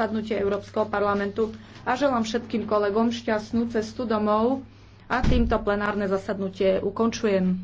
zasadnutie Európskeho parlamentu a želám všetkým kolegom šťastnú cestu domov a týmto plenárne zasadnutie ukončujem.